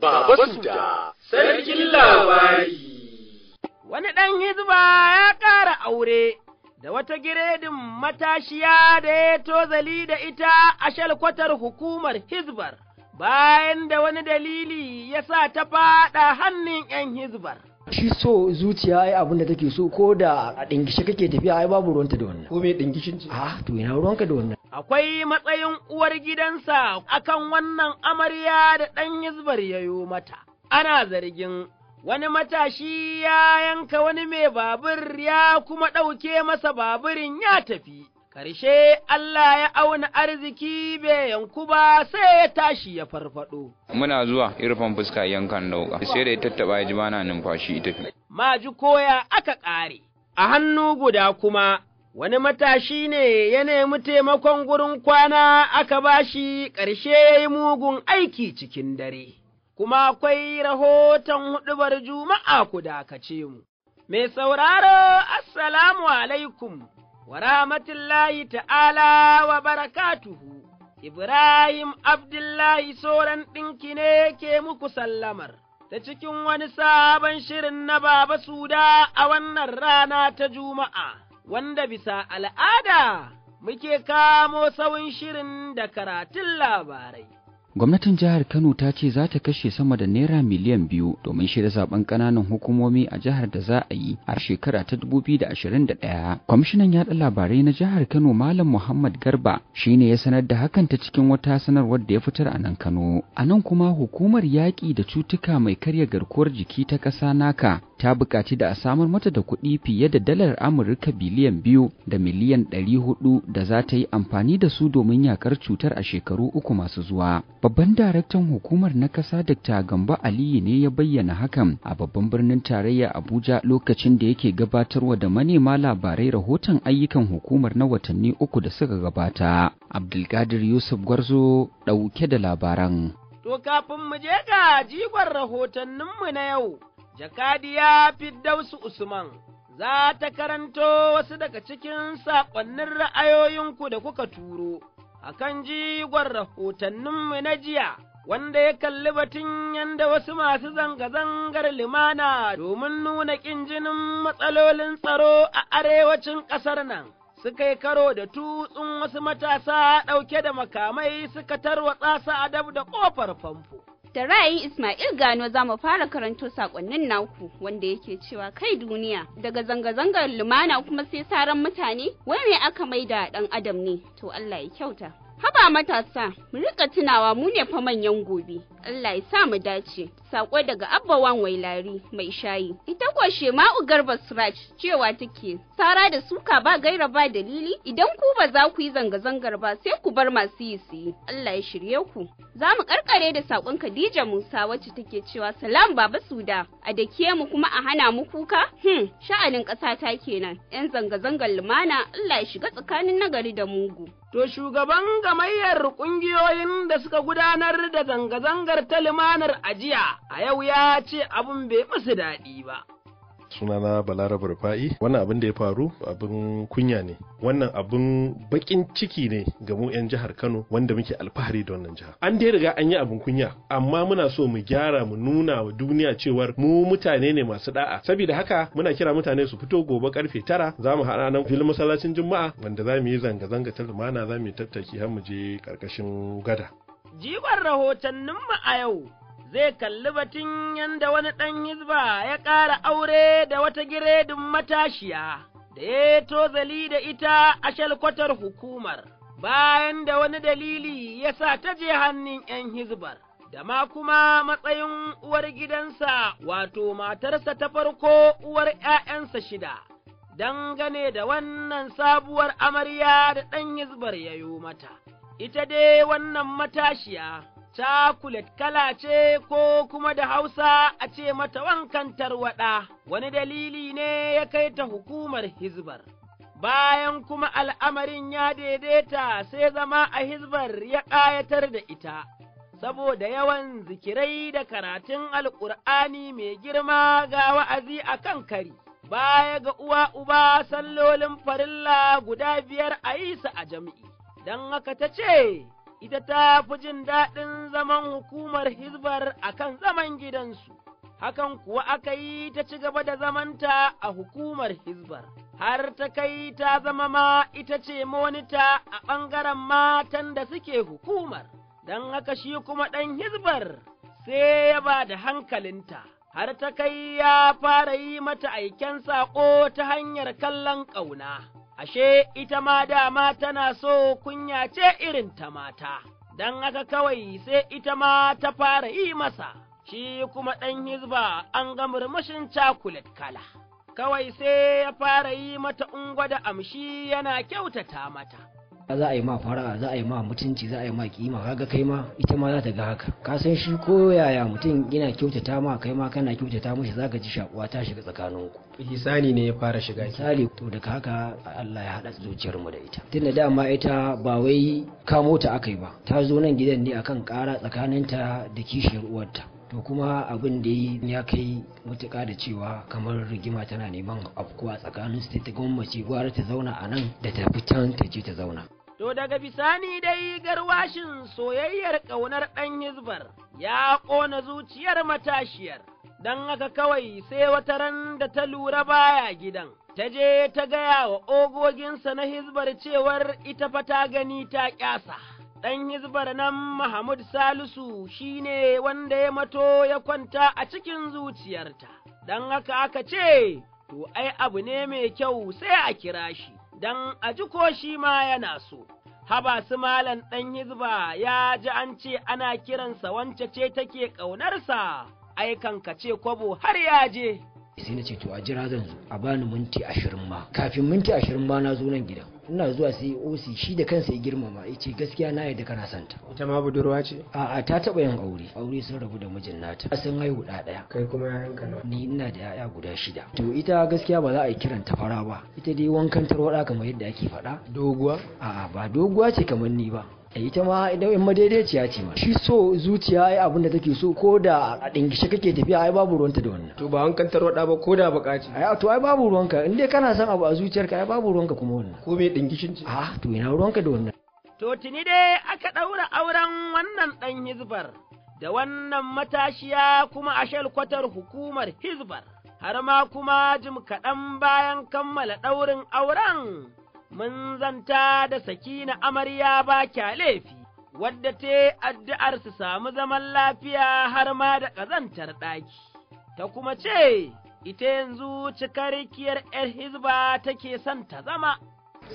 Baba Suda, Sarkin Labari. Wani ɗan hizba ya ƙara aure da wata giredin matashiya da ya tozali da ita a shalkwatar hukumar hizbar, bayan da wani dalili ya sa ta faɗa hannun ‘yan hizbar. shi so zuciya ai abin da take so ko da a dingishe kake tafiya ai babu ruwanta da wannan ko me dingishin ce a to ina ruwanka da wannan akwai matsayin uwar gidansa akan wannan amarya da dan yizbar yayo mata ana zargin wani matashi ya yanka wani mai babur ya kuma ɗauke masa baburin ya tafi karshe Allah ya auna arziki bai yanku ba sai ya tashi ya farfado. Muna zuwa irfan fuska yankan dauka, sai da ya tattaba ya ji numfashi ita. Maji koya aka ƙare, a hannu guda kuma wani matashi ne ya nemi taimakon gurin kwana aka bashi ƙarshe ya yi mugun aiki cikin dare. Kuma akwai rahoton huɗubar juma'a ku dakace mu. Mai sauraro, Assalamu alaikum. wa rahmatullahi ta'ala wa barakatuhu, Ibrahim Abdullahi Soran ɗinki ne ke muku sallamar, ta cikin wani sabon shirin na Baba Suda a wannan rana ta Juma'a, wanda bisa al'ada muke kamo sauyin shirin da karatun labarai. Gwamnatin jihar Kano ta ce za ta kashe sama da naira miliyan biyu domin shirya zaben ƙananan hukumomi a jihar da za a yi a shekara ta da da ashirin ɗaya. Kwamishinan yaɗa labarai na jihar Kano Malam Muhammad Garba shi ne ya sanar da hakan ta cikin wata sanarwar da ya fitar a nan Kano. A nan kuma hukumar yaƙi da cutuka mai karya garkuwar jiki ta ƙasa naka ta buƙaci da a samar mata da kuɗi fiye da dalar Amurka biliyan biyu da miliyan ɗari hudu da za ta yi amfani da su domin yaƙar cutar a shekaru uku masu zuwa. Babban daraktan hukumar na ƙasa Dr. Gambo Aliyu ne ya bayyana hakan a babban birnin tarayya Abuja lokacin da yake gabatarwa da manema labarai rahoton ayyukan hukumar na watanni uku da suka gabata. Abdulkadir Yusuf Gwarzo ɗauke da labaran. To kafin mu je ga jigon rahotanninmu na yau, Jakadiya Fiddausu Usman. Za ta karanto wasu daga cikin saƙonnin ra'ayoyinku da kuka turo. a kan jigon rahotanninmu na jiya, wanda ya kalli batun yadda wasu masu zanga-zangar limana domin nuna ƙinjinin matsalolin tsaro a arewacin ƙasar nan. Suka yi karo da tutsun wasu matasa ɗauke da makamai suka tarwatsa su a dab da ƙofar famfo. Da ra'ayi Ismail Gano za mu fara karanto sakonnin naku wanda yake cewa kai duniya daga zanga-zangar lumana kuma sai saran mutane wai me aka maida dan adam ne to Allah ya kyauta. Haba matasa, mu rika tunawa mu ne fa manyan gobe. Allah ya sa mu dace. Sako daga Abba Wan Wailari mai shayi. Ita kuwa Shema'u Garba Suraj cewa take Sara da suka ba gaira ba dalili idan ku ba za ku yi zanga-zangar ba sai ku bar masu yi su yi. Allah ya shirye ku. Za mu karkare da sakon Khadija Musa wacce take cewa salam baba Suda a dake mu kuma a hana mu kuka? Hmm, sha'anin ƙasa ta kenan. 'Yan zanga-zangar lumana Allah ya shiga tsakanin nagari da mugu. To shugaban gamayyar ƙungiyoyin da suka gudanar da zanga-zanga zanga ta limanar ajiya a yau ya ce abin bai musu daɗi ba. sunana balaraba rufa'i wannan abin da ya faru abin kunya ne wannan abin bakin ciki ne ga mu 'yan jihar kano wanda muke alfahari da wannan jihar an dai riga an yi abin kunya amma muna so mu gyara mu nuna wa duniya cewar mu mutane ne masu da'a saboda haka muna kira mutane su fito gobe karfe tara za mu haɗa nan filin masallacin juma'a wanda za mu yi zanga-zanga ta lumana za mu yi tattaki har mu je karkashin gada jigon rahotanninmu a yau zai kalli batun yadda wani ɗan hizba ya ƙara aure da wata giredin matashiya da ya tozali da ita a shalkwatar hukumar, bayan da wani dalili ya sa ta je hannun ‘yan hizbar. Da ma kuma matsayin uwar gidansa wato matarsa ta farko uwar ‘ya'yansa shida, dangane da wannan sabuwar amarya da ɗan hizbar ya yo mata. ita dai wannan matashiya, cakulet kala ce ko kuma da Hausa a ce mata wankan tarwaɗa, wani dalili ne ya kai ta hukumar Hizbar. Bayan kuma al'amarin ya daidaita sai zama a Hizbar ya ƙayatar da ita, saboda yawan zikirai da karatun Alkur'ani mai girma ga wa'azi a kan kari. Baya ga uwa uba sallolin farilla guda biyar a yi su a jam'i. don haka ta ce, ita ta fi jin daɗin zaman hukumar Hizbar a kan zaman gidansu, hakan kuwa aka yi ta ci gaba da zamanta a hukumar Hizbar, har ta kai ta zama ma ita ce monita a ɓangaren matan da suke hukumar, don haka shi kuma ɗan Hizbar sai ya ba da hankalinta. Har ta kai ya fara yi mata aiken saƙo ta hanyar kallon ƙauna. ashe ita ma dama tana so kunya ce irin ta mata, don haka kawai sai ita ma ta fara yi masa, shi kuma ɗan hizba an ga murmushin cakulet kala, kawai sai ya fara yi mata ungwada amshi yana kyautata mata. za a yi ma fara za a yi ma mutunci za a yi ma kima kaga kai ma ita ma za ta ga haka ka san shi ko yaya mutum yana kyautata ma kai ma kana kyautata za ka ji shakuwa ta shiga tsakanin ku hisani ne ya fara shiga misali to daga haka Allah ya haɗa zuciyar mu da ita tunda dama ita ba wai kamo ta akai ba ta zo nan gidan ne akan ƙara tsakaninta da kishiyar uwarta to kuma abin da ya kai mutuka da cewa kamar rigima tana neman afkuwa tsakanin su ta gwamnati gwara ta zauna a nan da ta fi can ta je ta zauna To daga bisani dai garwashin soyayyar ƙaunar ɗan hizbar ya ƙona zuciyar matashiyar, don haka kawai sai wata ran da ta lura baya gidan, ta je ta gaya wa ogoginsa na hizbar cewar ita fa ta gani ta ƙyasa. ɗan hizbar nan Mahmud Salisu shi ne wanda ya mato ya kwanta a cikin zuciyarta, don haka aka ce, To, ai abu ne mai kyau sai a kira shi, don a ji ko shi ma yana so. Haba su malan ɗan hizba ya ji an ce ana kiransa wance ce take ƙaunarsa, aikan ce kwabo har ya je. sai na ce to a jira zan zo a bani minti ashirin ma kafin minti ashirin ma na zo nan gidan ina zuwa sai oc shi da kansa ya girmama ya ce gaskiya na yadda kana santa ita ma budurwa ce a'a ta taba yin aure aure sun rabu da mijin nata sun haihu da daya kai kuma yayanka nawa ni ina da yaya guda shida to ita gaskiya ba za a yi kiran ta fara ba ita dai wankan tarwada kamar yadda ake faɗa doguwa a'a ba doguwa ce kamar ni ba Eh, ita ma idan madaidaiciya ce ma shi so zuciya ai abin da take so ko da a dingishe kake tafiya ai babu ruwanta da wannan to ba an kantar wada ba ko da bukaci ai to ai babu ruwanka in dai kana son abu a zuciyarka ai babu ruwanka kuma wannan ko me dingishin ce a ah, to ina ruwanka da wannan to tuni dai aka daura auren wannan dan hizbar da wannan matashiya kuma a shalkwatar hukumar hizbar har ma kuma jim kaɗan bayan kammala ɗaurin auren mun zanta da sakina amarya ba kya laifi, wadda ta addu'ar su samu zaman lafiya har ma da ƙazantar ɗaki, ta kuma ce, ita yanzu cikarikiyar ‘yar hizba take son ta zama.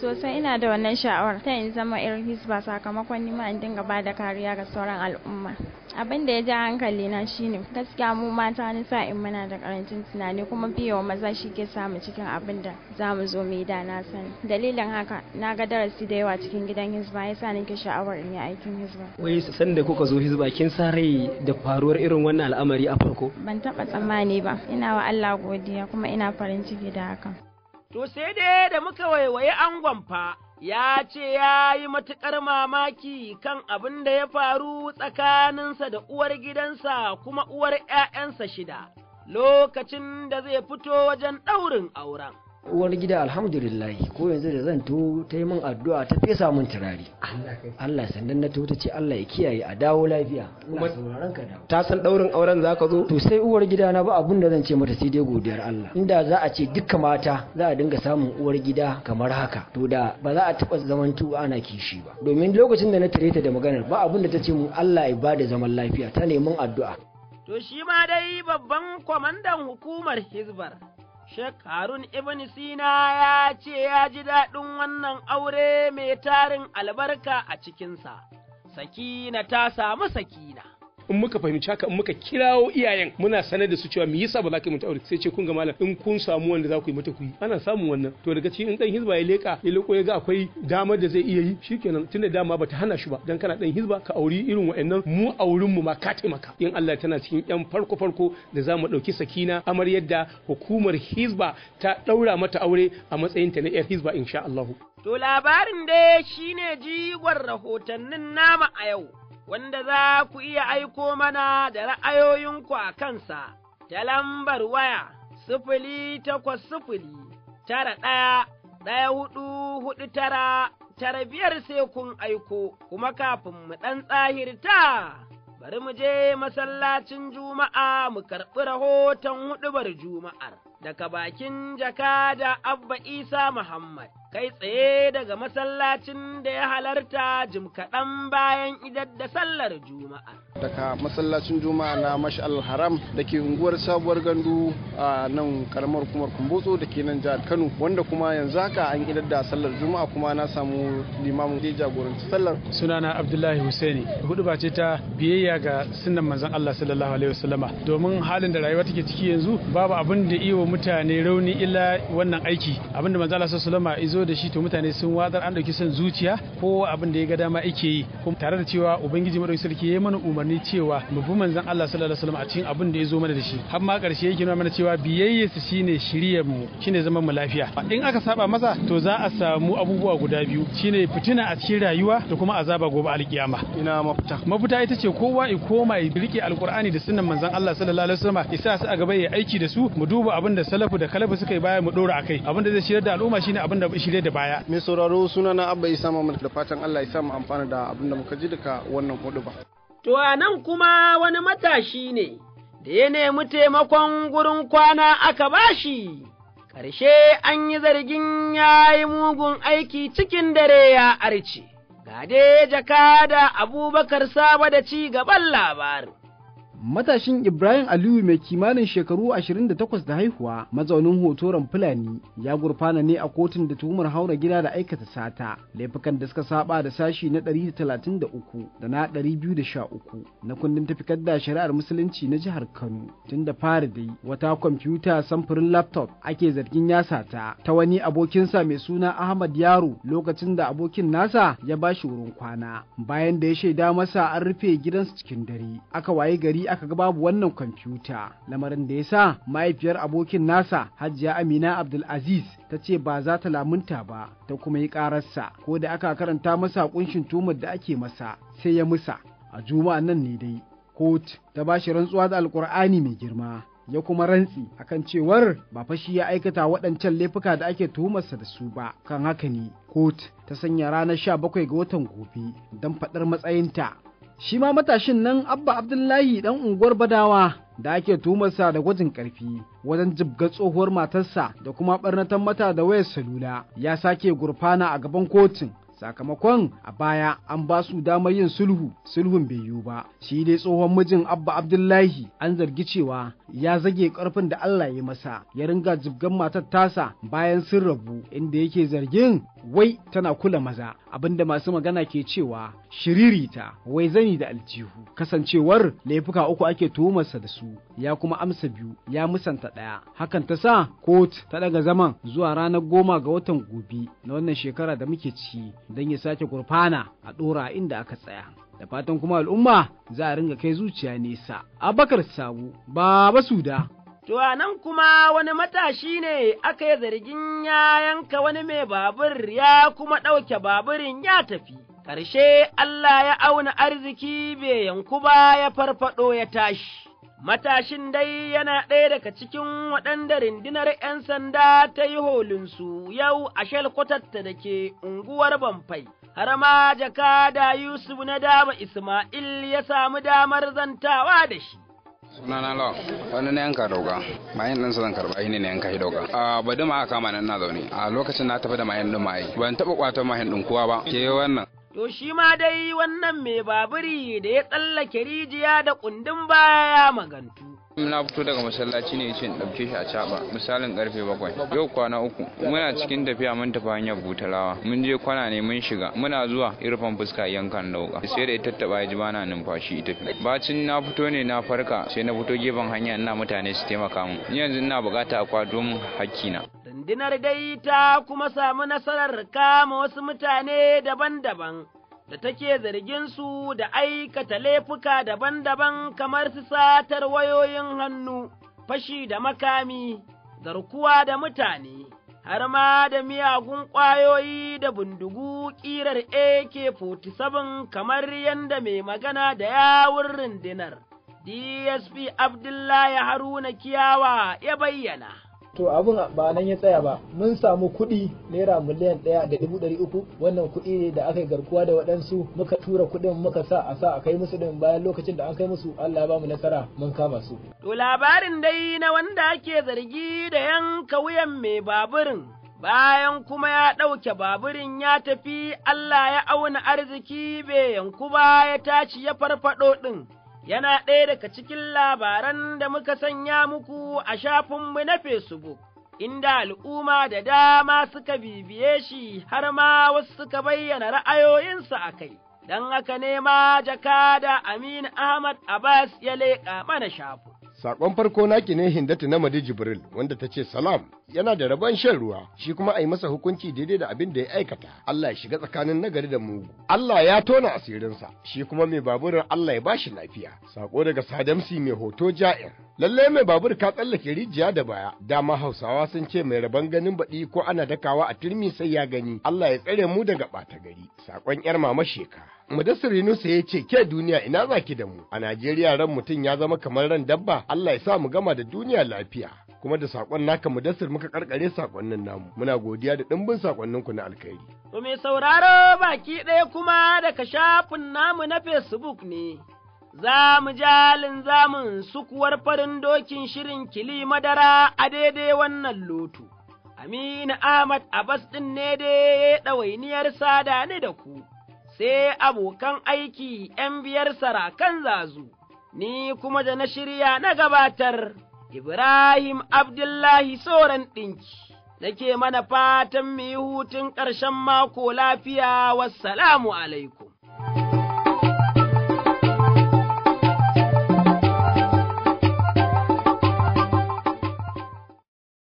sosai ina da wannan sha'awar ta in zama yar hisba sakamakon nima in dinga ba da kariya ga sauran al'umma abin da ya ja hankali na shine gaskiya mu mata ni in muna da karancin tunani kuma biyo maza shi ke samu cikin abin da za mu zo mu yi da na sani dalilin haka na ga darasi da yawa cikin gidan hisba ya sa nake sha'awar in yi aikin hisba wai san da kuka zo hisba kin sa rai da faruwar irin wannan al'amari a farko ban taba tsammani ba ina wa Allah godiya kuma ina farin ciki da hakan to sai dai da muka waiwaye angon fa, ya ce ya yi matuƙar mamaki kan abin da ya faru tsakaninsa da uwar gidansa kuma uwar ’ya'yansa shida, lokacin da zai fito wajen ɗaurin auren. uwar gida alhamdulillahi ko yanzu da zan to ta yi min addu'a ta fesa min turare Allah sannan na to ta ce Allah ya kiyaye a dawo lafiya kuma sauraron ka dawo ta san daurin auren zaka zo to sai uwar gida na ba abun da zan ce mata sai dai godiyar Allah inda za a ce duka mata za a dinga samun uwar gida kamar haka to da ba za a taba zaman tuwa ana kishi ba domin lokacin da na tare ta da maganar ba abun da ta ce mu Allah ya bada zaman lafiya ta neman addu'a to shi ma dai babban kwamandan hukumar Hizbar Sheikh Harun Ibn Sina ya ce ya ji daɗin wannan aure mai tarin albarka a cikinsa, sakina ta samu sakina. in muka fahimci haka in muka kirawo iyayen muna sanar da su cewa mu yi ba za ka yi mata aure sai ce kun ga malam in kun samu wanda za ku yi mata ku yi ana samun wannan to daga cikin in dan hizba ya leka ya leko ya ga akwai damar da zai iya yi shikenan da dama bata hana shi ba dan kana dan hizba ka auri irin wa'annan mu aurin mu ma ka taimaka in Allah tana cikin yan farko farko da za mu dauki sakina amar yadda hukumar hizba ta daura mata aure a matsayin ta na yar hizba insha Allah to labarin dai shine jigon rahotannin nama a yau wanda za ku iya aiko mana da ra'ayoyinku a kansa, ta lambar waya sifili takwas sifili, tara ɗaya, ɗaya huɗu huɗu tara, tara biyar sai kun aiko, kuma kafin mu ɗan tsahirta. Bari mu je masallacin Juma'a mu karɓi rahoton huɗubar Juma'ar daga bakin jakada Abba Isa Muhammad. kai tsaye daga masallacin da ya halarta jim kaɗan bayan idar da sallar juma'a. Daga masallacin juma'a na mashal haram da ke unguwar sabuwar gandu a nan karamar kuma kumbotso da ke nan jihar Kano wanda kuma yanzu haka an idar da sallar juma'a kuma na samu limamin da jagoranci sallar. Sunana Abdullahi Husaini hudu ba ce ta biyayya ga sunan manzon Allah sallallahu alaihi wasallama domin halin da rayuwa take ciki yanzu babu abin da iya mutane rauni illa wannan aiki abin da manzon Allah sallallahu alaihi wasallama zo da shi to mutane sun wadar an dauki son zuciya ko abin da ya ga dama yake yi kuma tare da cewa ubangiji madaukakin sarki ya mana umarni cewa mu bi manzon Allah sallallahu alaihi wasallam a cikin abin da ya zo mana da shi har ma karshe yake nuna mana cewa su shine shiryar mu shine zaman mu lafiya in aka saba masa to za a samu abubuwa guda biyu shine fitina a cikin rayuwa da kuma azaba gobe alkiyama ina mafita mafita ita ce kowa ya koma ya rike alkur'ani da sunnan manzon Allah sallallahu alaihi wasallam isa su a gaba ya aiki da su mu duba abin da salafu da kalafu suka yi baya mu dora akai abin da zai shirar da al'umma shine abin da shirye da baya mai sauraro suna na abba isa mamad da fatan allah ya samu amfana da abin muka ji daga wannan hudu ba to a nan kuma wani matashi ne da ya nemi taimakon gurin kwana aka bashi Karshe an yi zargin ya yi mugun aiki cikin dare ya arce ga dai jaka da abubakar saba da ci gaban labarin Matashin Ibrahim Aliyu mai kimanin shekaru 28 da haihuwa mazaunin hotoron Fulani ya gurfana ne a kotun da tuhumar haura gida da aikata sata laifukan da suka saba da sashi na 133 da na 213 na kundin tafikar da shari'ar musulunci na jihar Kano tun da fara dai wata kwamfuta samfurin laptop ake zargin ya sata ta wani abokinsa mai suna Ahmad Yaro lokacin da abokin nasa ya bashi wurin kwana bayan da ya shaida masa an rufe gidansu cikin dare aka waye gari aka ga babu wannan kwamfuta lamarin da ya sa mahaifiyar abokin nasa hajiya amina abdulaziz ta ce ba za ta lamunta ba ta kuma yi kararsa ko da aka karanta masa kunshin tumar da ake masa sai ya musa a juma'an nan ne dai kot ta ba shi rantsuwa da alkur'ani mai girma ya kuma rantsi akan cewar ba fa shi ya aikata waɗancan laifuka da ake tuhumarsa da su ba kan haka ne kot ta sanya ranar 17 ga watan gobe don faɗar matsayinta shi ma matashin nan abba abdullahi Ɗan unguwar badawa da ake tumarsa da gwajin karfi wajen jibga tsohuwar matarsa da kuma ɓarnatar mata da wayar salula ya sake gurfana a gaban kotun sakamakon a baya an ba su damar yin sulhu sulhun bai yiwu ba shi dai tsohon mijin abba abdullahi an zargi cewa ya zage karfin da allah ya masa ya ringa jibgan matar tasa bayan sun rabu inda yake zargin wai tana kula maza abinda masu magana ke cewa shiririta wai zani da aljihu kasancewar laifuka uku ake tuhumarsa da su ya kuma amsa biyu ya musanta ɗaya hakan ta sa kot ta daga zaman zuwa ranar goma ga watan gobe na wannan shekara da muke ciki don ya sake kurfana, a ɗora inda aka tsaya. Da fatan kuma al'umma za a ringa kai zuciya nesa. Abakar Sabu, Baba Suda. To a nan kuma wani matashi ne aka yi zargin ya yanka wani mai babur ya kuma ɗauke baburin ya tafi. Ƙarshe Allah ya auna arziki bai yanku ba ya farfaɗo ya tashi. matashin dai yana ɗaya daga cikin waɗanda rindinar ‘yan sanda ta yi holinsu yau a shalkwatarta da ke unguwar Bamfai. Har ma da Yusuf na dama Ismail ya samu damar zantawa da shi. sunana lawa wani na yanka dauka mayan ɗansa zan karba shi ne na yanka shi dauka a badi ma aka kama na zaune a lokacin na tafi da mayan ɗin ma'ai ban taɓa ƙwato mayan ɗin kowa ba ke wannan to shi ma dai wannan mai baburi da ya tsallake rijiya da kundin baya ya magantu. muna fito daga masallaci ne yace in ɗauke shi a caba misalin karfe bakwai yau kwana uku muna cikin tafiya mun tafi hanyar butalawa mun je kwana ne mun shiga muna zuwa irfan fuska yankan nauka sai da ita ya ji bana numfashi ita bacin na fito ne na farka sai na fito gefen hanya ina mutane su taimaka min yanzu ina bukata a kwado min hakkina rundunar dai ta kuma samu nasarar kama wasu mutane daban-daban da take zarginsu da aikata laifuka daban-daban kamar su satar wayoyin hannu, fashi da makami, zarkuwa, da mutane, har ma da miyagun ƙwayoyi da bindigu ƙirar AK-47 kamar yadda mai magana da yawun rundunar. DSP Abdullahi Haruna Kiyawa ya bayyana. to abin ba nan ya tsaya ba mun samu kuɗi naira miliyan ɗaya da dubu ɗari uku wannan kuɗi ne da aka yi garkuwa da waɗansu muka tura kuɗin muka sa a sa a kai musu din bayan lokacin da an kai musu Allah ya ba mu nasara mun kama su. To labarin dai na wanda ake zargi da yanka wuyan mai baburin bayan kuma ya ɗauke baburin ya tafi Allah ya auna arziki bai yanku ba ya tashi ya farfaɗo ɗin. yana ɗaya daga cikin labaran da muka sanya muku a shafinmu na Facebook, inda al'umma da dama suka bibiye shi har ma wasu suka bayyana ra'ayoyinsu a kai, don haka nema jakada Aminu Ahmad Abbas ya leƙa mana shafu. Sakon farko naki ne Hindatu na Madi Jibril wanda ta ce salam yana da rabon shan ruwa shi kuma a yi masa hukunci daidai da abin da ya aikata Allah ya shiga tsakanin nagari da mugu Allah ya tona asirinsa shi kuma mai baburin Allah ya bashi lafiya sako daga Sadamsi mai hoto ja'in lalle mai babur ka tsallake rijiya da baya dama Hausawa sun ce mai rabon ganin baɗi ko ana dakawa a turmi sai ya gani Allah ya tsare mu daga ɓata gari sakon yar mama sheka Mudassir Yunusa ya ce ke duniya ina zaki da mu a Najeriya ran mutum ya zama kamar ran dabba Allah ya sa mu gama da duniya lafiya kuma da sakon naka Mudassir muka karkare saƙonnin namu muna godiya da dimbin sakonnin ku na alkhairi. To mai sauraro baki ɗaya kuma daga shafin namu na Facebook ne. Za mu jalin zamun sukuwar farin dokin shirin kili madara a daidai wannan lotu. Aminu Ahmad Abbas ɗin ne dai ɗawainiyar sada ne da ku. sai abokan aiki ’yan biyar sarakan zazu, ni kuma da na shirya na gabatar, Ibrahim Abdullahi Soran ɗinki, nake mana fatan mu yi hutun ƙarshen mako lafiya, wassalamu alaikum.